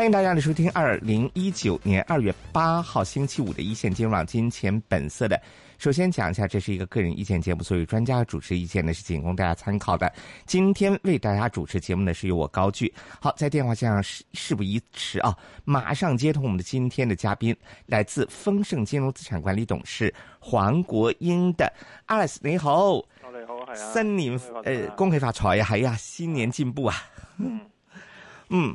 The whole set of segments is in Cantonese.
歡迎大家的收聽，二零一九年二月八號星期五的一綫金融網金錢本色的。首先講一下，這是一個個人意見節目，所以專家主持意見呢是僅供大家參考的。今天為大家主持節目呢是由我高聚。好，在電話綫上事事不宜遲啊，馬上接通我們的今天的嘉賓，來自豐盛金融資產管理董事黃國英的 Alex 你好。你好，係啊。新年誒，恭喜發財呀！哎呀，新年進步啊。嗯嗯。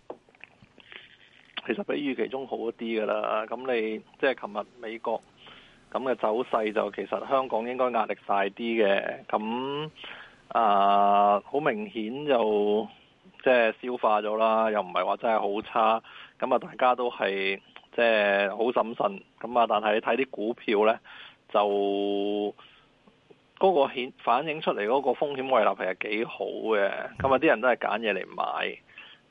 其實比預期中好一啲嘅啦，咁你即係琴日美國咁嘅走勢就其實香港應該壓力大啲嘅，咁啊好明顯就即係消化咗啦，又唔係話真係好差，咁啊大家都係即係好審慎，咁啊但係你睇啲股票呢，就嗰個顯反映出嚟嗰個風險位立係幾好嘅，咁啊啲人都係揀嘢嚟買。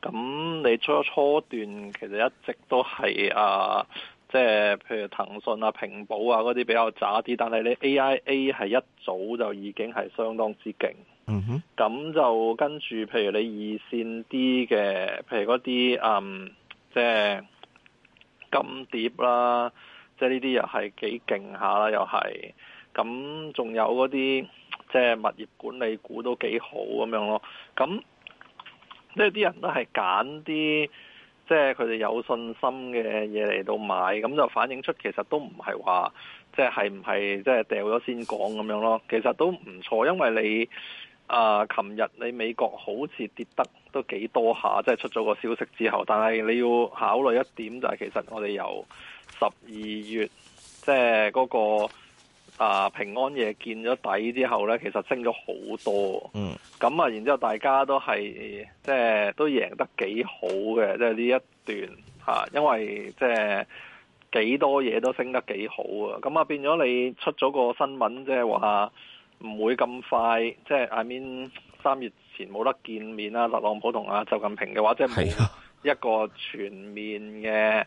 咁你初初段其實一直都係啊，即係譬如騰訊啊、平保啊嗰啲比較渣啲，但係你 AIA 係一早就已經係相當之勁。咁、mm hmm。就跟住譬如你二線啲嘅，譬如嗰啲嗯，即係金碟啦，即係呢啲又係幾勁下啦，又係。咁仲有嗰啲即係物業管理股都幾好咁樣咯。咁即係啲人都係揀啲即係佢哋有信心嘅嘢嚟到買，咁就反映出其實都唔係話即係係唔係即係掉咗先講咁樣咯。其實都唔錯，因為你啊，呃，琴日你美國好似跌得都幾多下，即係出咗個消息之後，但係你要考慮一點就係其實我哋由十二月即係嗰個。啊！平安夜見咗底之後咧，其實升咗好多。嗯，咁啊，然之後大家都係即係都贏得幾好嘅，即係呢一段嚇、啊，因為即係、就是、幾多嘢都升得幾好啊。咁啊，變咗你出咗個新聞，即係話唔會咁快，即係 I mean 三月前冇得見面啦。特朗普同阿習近平嘅話，即係冇一個全面嘅，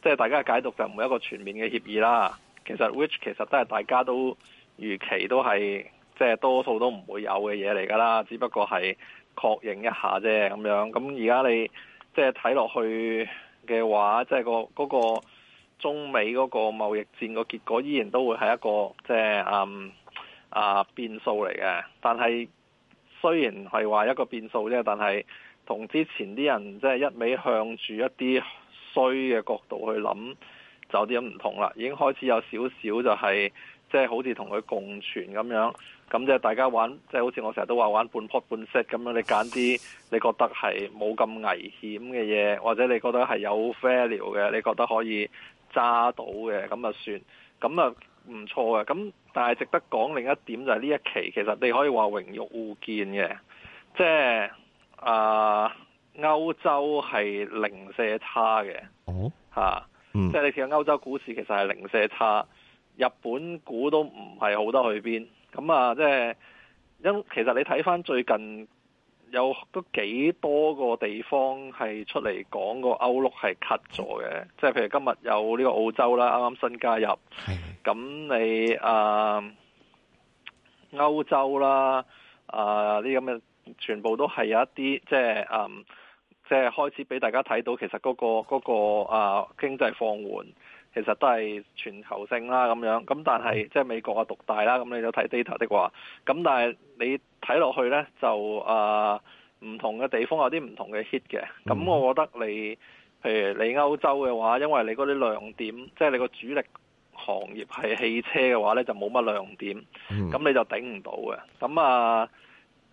即係的大家解讀就冇一個全面嘅協議啦。其實，which 其實都係大家都預期都係即係多數都唔會有嘅嘢嚟㗎啦，只不過係確認一下啫咁樣。咁而家你即係睇落去嘅話，即係個嗰個中美嗰個貿易戰個結果，依然都會係一個即係、嗯、啊啊變數嚟嘅。但係雖然係話一個變數啫，但係同之前啲人即係一味向住一啲衰嘅角度去諗。就啲咁唔同啦，已經開始有少少就係即係好似同佢共存咁樣，咁即係大家玩即係好似我成日都話玩半 port 半息咁樣，你揀啲你覺得係冇咁危險嘅嘢，或者你覺得係有 fairly 嘅，你覺得可以揸到嘅咁啊算，咁啊唔錯嘅，咁但係值得講另一點就係呢一期其實你可以話榮辱互見嘅，即係啊歐洲係零舍差嘅，嚇。即係你似嘅歐洲股市其實係零舍差，日本股都唔係好得去邊。咁啊，即、就、係、是、因其實你睇翻最近有都幾多個地方係出嚟講個歐陸係 cut 咗嘅，即係、嗯、譬如今日有呢個澳洲啦，啱啱新加入。咁的你啊、呃，歐洲啦，啊呢咁嘅全部都係有一啲即係嗯。就是呃即係開始俾大家睇到，其實嗰個嗰個啊經濟放緩，其實都係全球性啦咁樣。咁但係即係美國啊獨大啦，咁你就睇 data 的話，咁但係你睇落去呢，就啊唔同嘅地方有啲唔同嘅 hit 嘅。咁我覺得你譬如你歐洲嘅話，因為你嗰啲亮點，即係你個主力行業係汽車嘅話呢就冇乜亮點，咁你就頂唔到嘅。咁啊～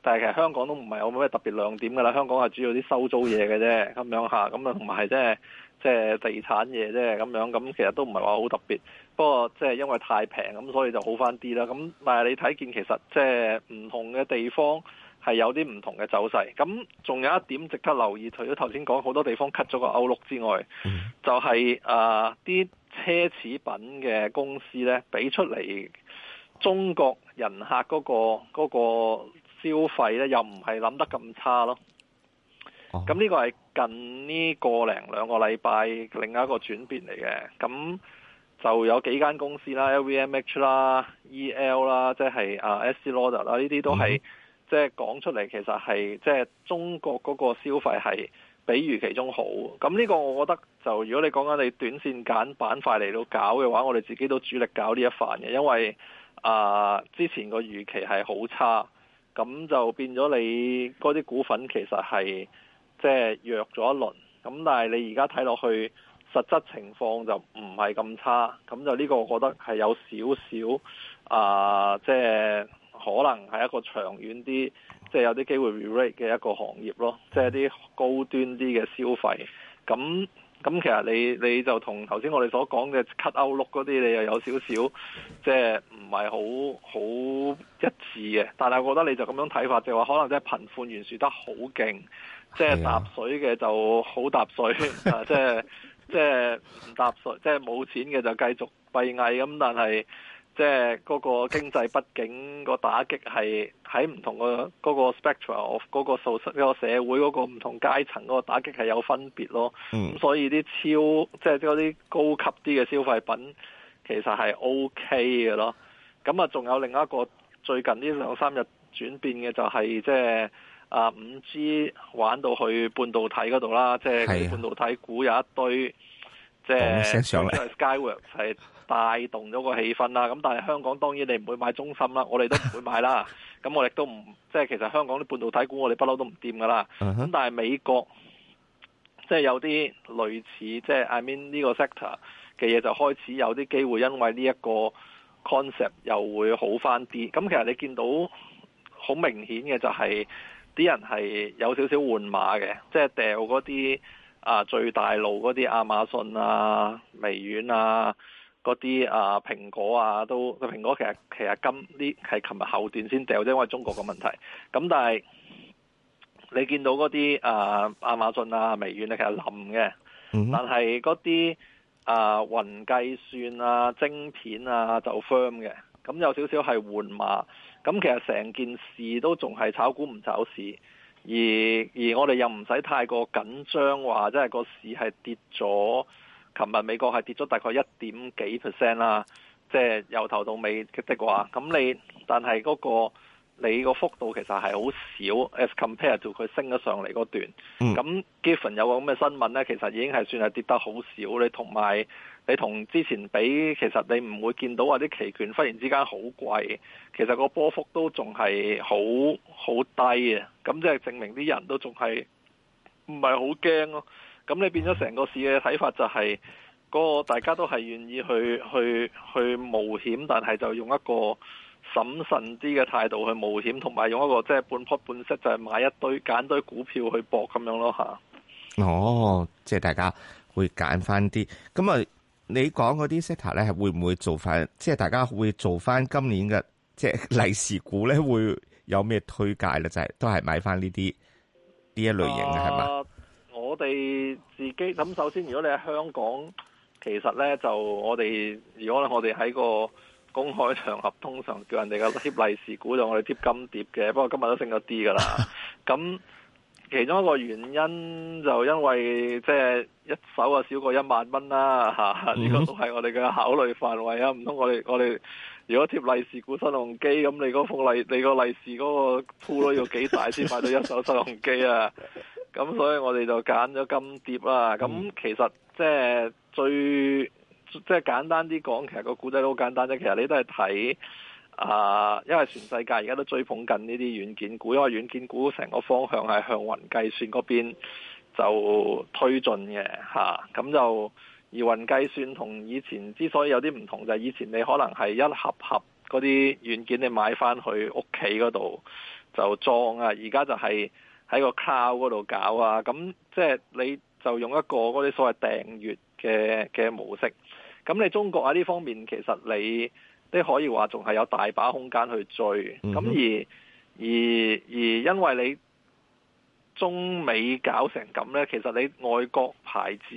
但係其實香港都唔係有冇咩特別亮點㗎啦，香港係主要啲收租嘢嘅啫，咁樣吓，咁啊同埋即係即係地產嘢啫，咁樣咁其實都唔係話好特別。不過即係因為太平咁，所以就好返啲啦。咁但係你睇見其實即係唔同嘅地方係有啲唔同嘅走勢。咁仲有一點值得留意，除咗頭先講好多地方 cut 咗個 outlook 之外，就係啊啲奢侈品嘅公司咧，畀出嚟中國人客嗰個嗰個。那個消費咧又唔係諗得咁差咯，咁呢、哦、個係近呢個零兩個禮拜另一個轉變嚟嘅。咁就有幾間公司啦，LVMH 啦、EL 啦，即係啊 SCLOD 啦，呢啲都係、嗯、即係講出嚟，其實係即係中國嗰個消費係比預期中好。咁呢個我覺得就如果你講緊你短線揀板塊嚟到搞嘅話，我哋自己都主力搞呢一範嘅，因為啊、uh，之前個預期係好差。咁就變咗你嗰啲股份其實係即係弱咗一輪，咁但係你而家睇落去實質情況就唔係咁差，咁就呢個我覺得係有少少啊，即係可能係一個長遠啲，即係有啲機會 rerate 嘅一個行業咯，即係啲高端啲嘅消費咁。咁其實你你就同頭先我哋所講嘅 cut outlook 嗰啲，你又有少少即係唔係好好一致嘅。但係我覺得你就咁樣睇法，就話，是，可能即係貧富懸殊得好勁，即、就、係、是，搭水嘅就好搭水， 啊即係即係唔搭水，即係冇錢嘅就繼續閉翳咁，但係。即係嗰個經濟不景個打擊係喺唔同個嗰個 spectral 嗰個受失嗰個社會嗰個唔同階層嗰個打擊係有分別咯。咁、嗯、所以啲超即係嗰啲高級啲嘅消費品其實係 O K 嘅咯。咁啊，仲有另一個最近呢兩三日轉變嘅就係即係啊五 G 玩到去半導體嗰度啦，啊、即係半導體股有一堆什即係都係 Skyworks。 帶動咗個氣氛啦，咁但係香港當然你唔會買中芯啦，我哋都唔會買啦。咁 我哋都唔即係其實香港啲半導體股我哋不嬲都唔掂㗎啦。咁、uh huh. 但係美國即係有啲類似即係 I mean 呢個 sector 嘅嘢就開始有啲機會，因為呢一個 concept 又會好返啲。咁其實你見到好明顯嘅就係、是、啲人係有少少換馬嘅，即係掉嗰啲啊最大路嗰啲亞馬遜啊、微軟啊。嗰啲啊，蘋果啊，都蘋果其實其實今呢係琴日後段先掉，啫、就是，因為中國個問題。咁但係你見到嗰啲啊，亞馬遜啊、微軟啊，其實冧嘅。但係嗰啲啊，雲計算啊、晶片啊，就 firm 嘅。咁有少少係緩碼。咁其實成件事都仲係炒股唔炒市。而而我哋又唔使太過緊張，話即係個市係跌咗。琴日美國係跌咗大概一點幾 percent 啦，即係、就是、由頭到尾嘅話，咁你但係嗰、那個你個幅度其實係好少，as compared to 佢升咗上嚟嗰段。咁 given 有個咁嘅新聞咧，其實已經係算係跌得好少，你同埋你同之前比，其實你唔會見到或者期權忽然之間好貴，其實個波幅都仲係好好低嘅。咁即係證明啲人都仲係唔係好驚咯。咁你變咗成個市嘅睇法就係嗰個大家都係願意去去去冒險，但係就用一個審慎啲嘅態度去冒險，同埋用一個即係半搏半息，就係買一堆揀堆股票去搏。咁樣咯吓哦，即係大家會揀翻啲。咁啊，你講嗰啲 sector 咧，係會唔會做翻？即係大家會做翻今年嘅即係利是股咧，會有咩推介咧？就係都係買翻呢啲呢一類型嘅係嘛？啊我哋自己咁，首先，如果你喺香港，其實呢就我哋如果我哋喺個公開場合，通常叫人哋嘅貼利是股，就我哋貼金碟嘅。不過今日都升咗啲㗎喇。咁其中一個原因就因為即係一手啊少過一萬蚊啦，嚇呢個都係我哋嘅考慮範圍啊。唔通我哋我哋如果貼利是股新鴻基，咁你嗰個利你個利是嗰個鋪都要幾大先買到一手新鴻基啊？咁所以我哋就揀咗金蝶啦。咁其實即係最即係、就是、簡單啲講，其實個故仔都好簡單啫。其實你都係睇啊，因為全世界而家都追捧緊呢啲軟件股，因為軟件股成個方向係向雲計算嗰邊就推進嘅吓。咁、啊、就而雲計算同以前之所以有啲唔同，就係、是、以前你可能係一盒盒嗰啲軟件你買翻去屋企嗰度就裝啊，而家就係、是。喺個 cloud 嗰度搞啊，咁即係你就用一個嗰啲所謂訂閱嘅嘅模式，咁你中國喺呢方面其實你都可以話仲係有大把空間去追，咁而、mm hmm. 而而因為你中美搞成咁呢，其實你外國牌子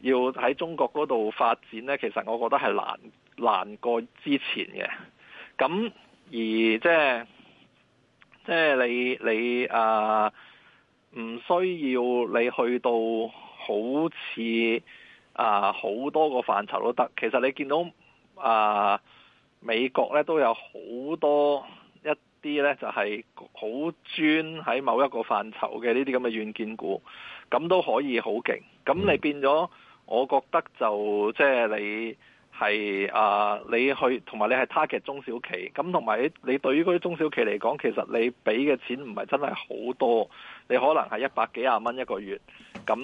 要喺中國嗰度發展呢，其實我覺得係難難過之前嘅，咁而即係。即係你你啊，唔需要你去到好似啊好多個範疇都得。其實你見到啊美國咧都有好多一啲咧就係好專喺某一個範疇嘅呢啲咁嘅軟件股，咁都可以好勁。咁你變咗，嗯、我覺得就即係、就係、你。係啊，你去同埋你係 target 中小企，咁同埋你對於嗰啲中小企嚟講，其實你俾嘅錢唔係真係好多，你可能係一百幾廿蚊一個月，咁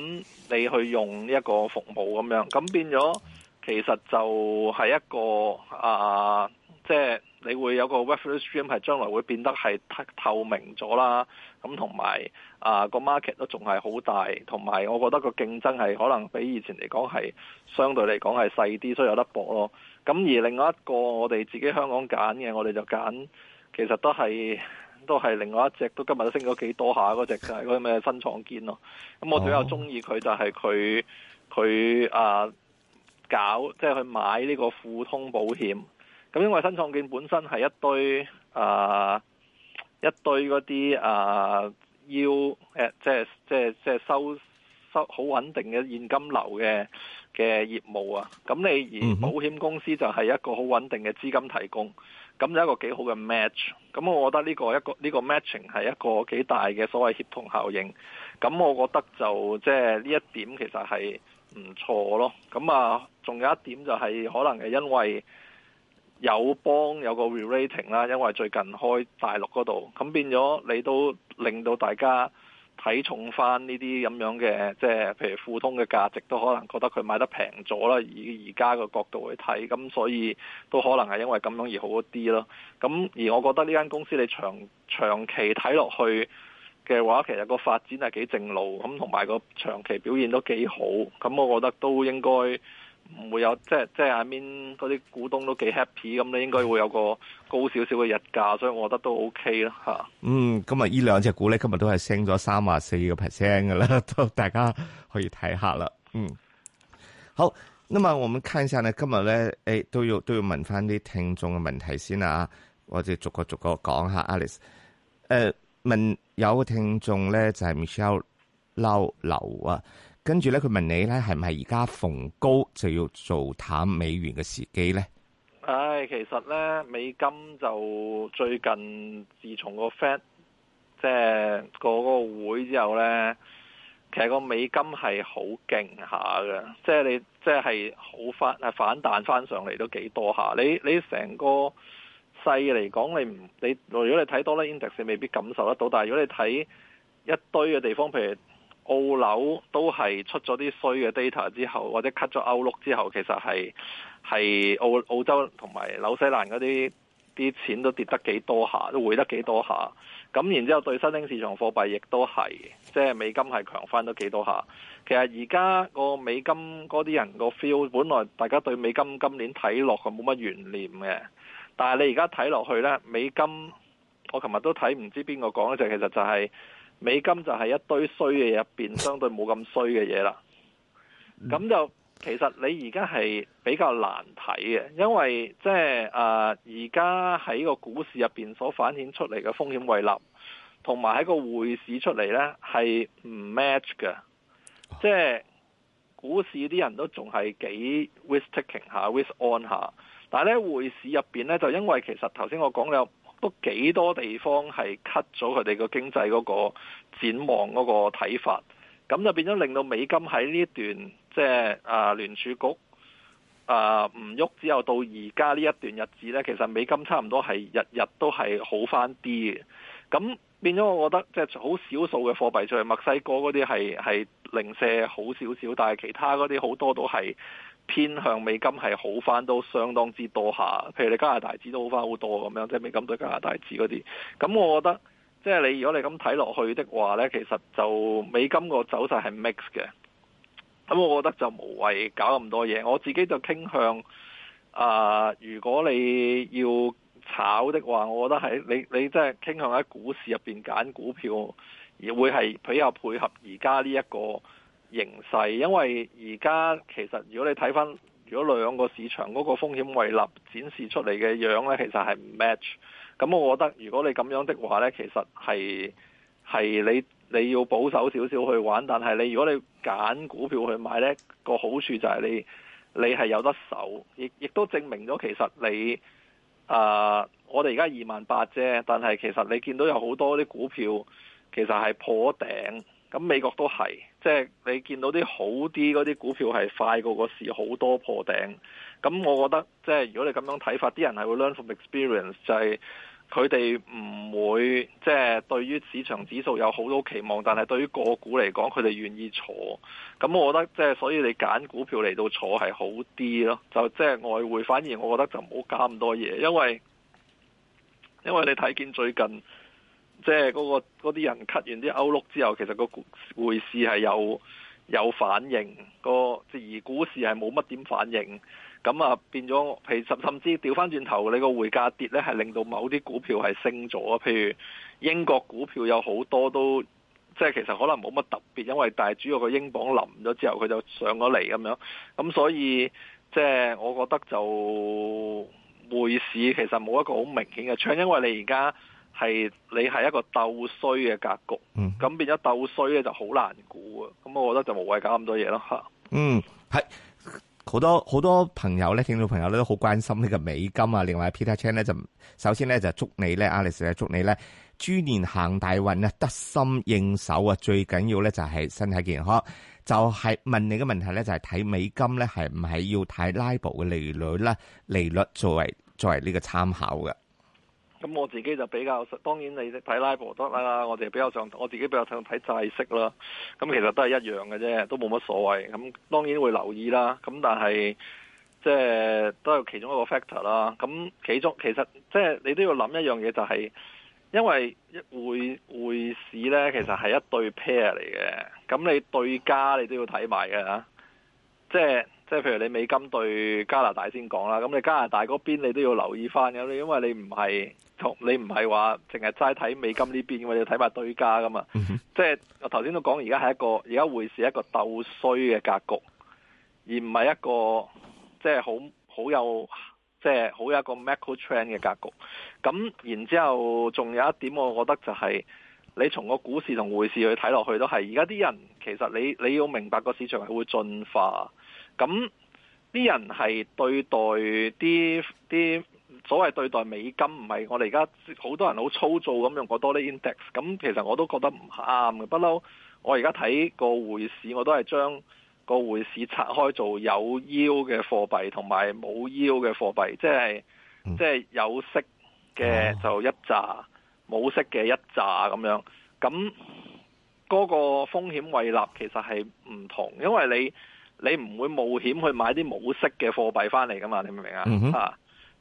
你去用呢一個服務咁樣，咁變咗其實就係一個啊，即係你會有個 reference stream 係將來會變得係透明咗啦。咁同埋啊個 market 都仲係好大，同埋我覺得個競爭係可能比以前嚟講係相對嚟講係細啲，所以有得搏咯。咁而另外一個我哋自己香港揀嘅，我哋就揀其實都係都係另外一隻，都今日都升咗幾多下嗰隻，就係、是、嗰個咩新創建咯。咁我比較鍾意佢就係佢佢啊，啊搞即係去買呢個富通保險。咁因為新創建本身係一堆啊。一堆嗰啲啊，要誒、呃，即係即係即係收收好穩定嘅現金流嘅嘅業務啊，咁你而保險公司就係一個好穩定嘅資金提供，咁有一個幾好嘅 match，咁我覺得呢個一個呢、呢個 matching 係一個幾大嘅所謂協同效應，咁我覺得就即係呢一點其實係唔錯咯，咁啊，仲有一點就係可能係因為。友邦有個 rating 啦，因為最近開大陸嗰度，咁變咗你都令到大家睇重翻呢啲咁樣嘅，即係譬如富通嘅價值都可能覺得佢買得平咗啦，以而家個角度去睇，咁所以都可能係因為咁樣而好一啲咯。咁而我覺得呢間公司你長長期睇落去嘅話，其實個發展係幾正路，咁同埋個長期表現都幾好，咁我覺得都應該。唔會有，即係即係，眼邊嗰啲股東都幾 happy，咁咧應該會有個高少少嘅日價，所以我覺得都 OK 啦吓。啊、嗯，今日呢兩隻股咧，今日都係升咗三啊四個 percent 噶啦，都大家可以睇下啦。嗯，好，那麼我們看一下咧，今日咧，誒、哎，都要都要問翻啲聽眾嘅問題先啊，或者逐個逐個講下，Alice。誒、呃，問有個聽眾咧就係、是、Michelle 撈劉啊。跟住咧，佢問你咧，係咪而家逢高就要做淡美元嘅時機咧？唉、哎，其實咧，美金就最近自從個 Fed 即係個個會之後咧，其實個美金係好勁下嘅，即、就、係、是、你即係好反啊反彈翻上嚟都幾多下。你你成個勢嚟講，你唔你，你，如果你睇 Dollar index，未必感受得到。但係如果你睇一堆嘅地方，譬如。澳紐都係出咗啲衰嘅 data 之後，或者 cut 咗 outlook 之後，其實係係澳澳洲同埋紐西蘭嗰啲啲錢都跌得幾多下，都回得幾多下。咁然之後對新興市場貨幣亦都係，即、就、係、是、美金係強翻得幾多下。其實而家個美金嗰啲人個 feel，本來大家對美金今年睇落去冇乜懸念嘅，但係你而家睇落去呢，美金我琴日都睇唔知邊個講咧，就其實就係、是。美金就係一堆衰嘅嘢入邊，相對冇咁衰嘅嘢啦。咁就其實你而家係比較難睇嘅，因為即係誒而家喺個股市入邊所反映出嚟嘅風險位立，同埋喺個匯市出嚟呢係唔 match 嘅。即係、就是、股市啲人都仲係幾 risk-taking 吓，risk-on 吓。Taking, on，但係呢匯市入邊呢就因為其實頭先我講咗。都幾多地方係 cut 咗佢哋個經濟嗰個展望嗰個睇法，咁就變咗令到美金喺呢一段即係啊聯儲局啊唔喐之後到而家呢一段日子呢，其實美金差唔多係日日都係好返啲嘅，咁變咗我覺得即係好少數嘅貨幣，就係、是、墨西哥嗰啲係係零舍好少少，但係其他嗰啲好多都係。偏向美金係好返都相當之多下，譬如你加拿大紙都好返好多咁樣，即係美金對加拿大紙嗰啲。咁我覺得，即係你如果你咁睇落去的話呢，其實就美金個走勢係 mix 嘅。咁我覺得就無謂搞咁多嘢。我自己就傾向啊、呃，如果你要炒的話，我覺得係你你真係傾向喺股市入邊揀股票，而會係比較配合而家呢一個。形勢，因為而家其實如果你睇翻，如果兩個市場嗰個風險位立展示出嚟嘅樣咧，其實係唔 match。咁我覺得如果你咁樣的話咧，其實係係你你要保守少少,少去玩，但係你如果你揀股票去買咧，個好處就係你你係有得守，亦亦都證明咗其實你啊、呃，我哋而家二萬八啫，但係其實你見到有好多啲股票其實係破頂，咁美國都係。即係你見到啲好啲嗰啲股票係快過個市好多破頂，咁我覺得即係如果你咁樣睇法，啲人係會 learn from experience，就係佢哋唔會即係對於市場指數有好多期望，但係對於個股嚟講，佢哋願意坐。咁我覺得即係所以你揀股票嚟到坐係好啲咯，就即係外匯反而我覺得就冇加咁多嘢，因為因為你睇見最近。即係嗰，那個嗰啲人 cut 完啲歐陸之後，其實個匯市係有有反應，那個而股市係冇乜點反應。咁啊，變咗，甚至甚至掉翻轉頭，你個匯價跌咧，係令到某啲股票係升咗。譬如英國股票有好多都，即係其實可能冇乜特別，因為但係主要個英鎊冧咗之後，佢就上咗嚟咁樣。咁所以即係我覺得就匯市其實冇一個好明顯嘅趨，因為你而家。係你係一個鬥衰嘅格局，咁變咗鬥衰咧就好難估啊！咁我覺得就冇謂搞咁多嘢咯吓。嗯，係好、嗯、多好多朋友咧，聽到朋友咧都好關心呢個美金啊，另外 Peter Chan 咧就首先咧就祝你咧，Alex 祝你咧豬年行大運啊，得心應手啊，最緊要咧就係身體健康。就係、是、問你嘅問題咧，就係、是、睇美金咧係唔係要睇 LIBOR 嘅利率啦，利率作為作為呢個參考嘅。咁我自己就比較當然你睇拉布都得啦，我哋比較上我自己比較睇睇債息啦。咁其實都係一樣嘅啫，都冇乜所謂。咁當然會留意啦。咁但係即係都有其中一個 factor 啦。咁其中其實即係你都要諗一樣嘢，就係，就係因為匯匯市呢，其實係一對 pair 嚟嘅。咁你對家你都要睇埋嘅即係。即係譬如你美金對加拿大先講啦，咁你加拿大嗰邊你都要留意翻，你因為你唔係同你唔係話淨係齋睇美金呢邊，嗯哼，我哋睇埋對價噶嘛。即係我頭先都講，而家係一個而家匯市係一個鬥衰嘅格局，而唔係一個即係好好有即係好有一個 macro trend 嘅格局。咁然之後仲有一點，我覺得就係、是、你從個股市同匯市去睇落去都係而家啲人其實你你要明白個市場係會進化。咁啲人係對待啲啲所謂對待美金，唔係我哋而家好多人好粗糙咁用個 Dollar Index。咁其實我都覺得唔啱嘅。不嬲，我而家睇個匯市，我都係將個匯市拆開做有 yield 嘅貨幣同埋冇 yield 嘅貨幣，即係即係有息嘅就一揸，冇息嘅一揸咁樣。咁嗰個風險位立其實係唔同，因為你。你唔會冒險去買啲冇息嘅貨幣翻嚟噶嘛？你明唔明、嗯、哼啊？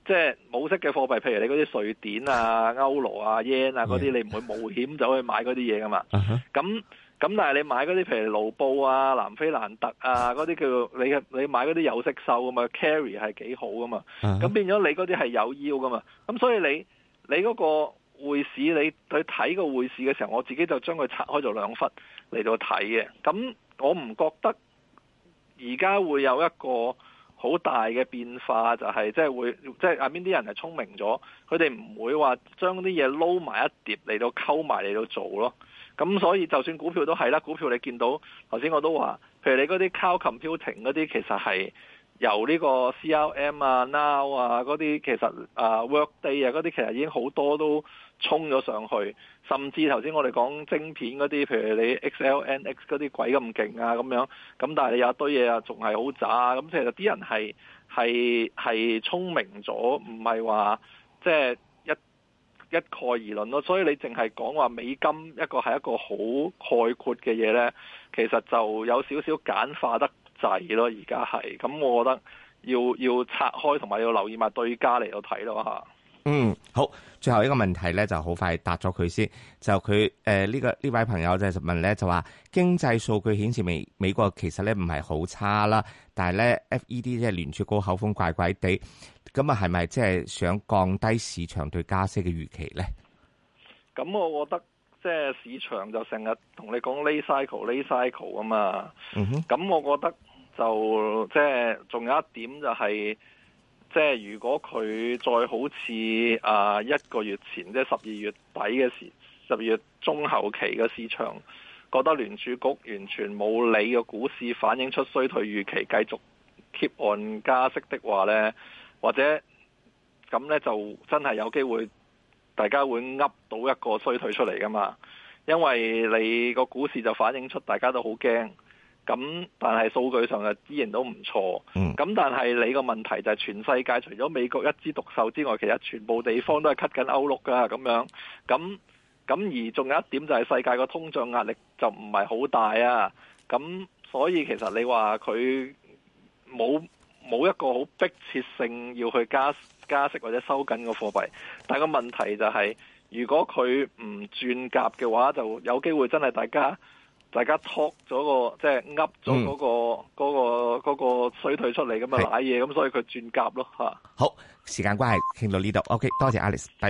嚇，即係冇息嘅貨幣，譬如你嗰啲瑞典啊、歐羅啊、yen 啊嗰啲，嗯、哼你唔會冒險走去買嗰啲嘢噶嘛？咁咁、嗯哼，但係你買嗰啲譬如盧布啊、南非蘭特啊嗰啲叫你，你買嗰啲有息收啊嘛，carry 係幾好啊嘛。咁變咗你嗰啲係有腰噶嘛。咁、嗯、哼所以你你嗰個匯市，你去睇個匯市嘅時候，我自己就將佢拆開做兩忽嚟到睇嘅。咁我唔覺得。而家會有一個好大嘅變化，就係即係會即係下邊啲人係聰明咗，佢哋唔會話將啲嘢撈埋一碟嚟到溝埋嚟到做咯。咁所以就算股票都係啦，股票你見到頭先我都話，譬如你嗰啲 cloud computing 嗰啲，其實係。由呢個 CLM 啊、Now 啊啲，其實 Workday 啊 Workday 啊啲，其實已經好多都衝咗上去，甚至頭先我哋講晶片嗰啲，譬如你 XLNX 嗰啲鬼咁勁啊咁樣，咁但係你有一堆嘢啊，仲係好渣，咁其實啲人係係係聰明咗，唔係話即係一一概而論咯，所以你淨係講話美金一個係一個好概括嘅嘢咧，其實就有少少簡化得。細咯，而家係咁，我覺得要要拆開，同埋要留意埋對家嚟，度睇咯吓。嗯，好，最後一個問題咧就好快答咗佢先。就佢誒呢個呢位朋友就問咧，就話經濟數據顯示美美國其實咧唔係好差啦，但係咧 FED 即係聯儲局口風怪怪地，咁啊係咪即係想降低市場對加息嘅預期咧？咁我覺得即係市場就成日同你講 late cycle late cycle 啊嘛。嗯哼，咁我覺得。就即係仲有一點就係、是，即係如果佢再好似啊、呃、一個月前即係十二月底嘅時，十二月中後期嘅市場，覺得聯儲局完全冇理個股市反映出衰退預期，繼續 keep on 加息的話咧，或者咁咧就真係有機會，大家會噏到一個衰退出嚟噶嘛，因為你個股市就反映出大家都好驚。咁但係數據上就依然都唔錯，咁、嗯、但係你個問題就係全世界除咗美國一枝獨秀之外，其實全部地方都係咳緊歐六噶咁樣，咁咁而仲有一點就係世界個通脹壓力就唔係好大啊，咁所以其實你話佢冇冇一個好迫切性要去加加息或者收緊個貨幣，但個問題就係、是、如果佢唔轉夾嘅話，就有機會真係大家。大家 talk 咗個，即係噏咗個個個個、水退出嚟咁啊，攋嘢咁，所以佢轉夾咯吓，好，時間關係傾到呢度。OK，多謝 Alice，拜拜。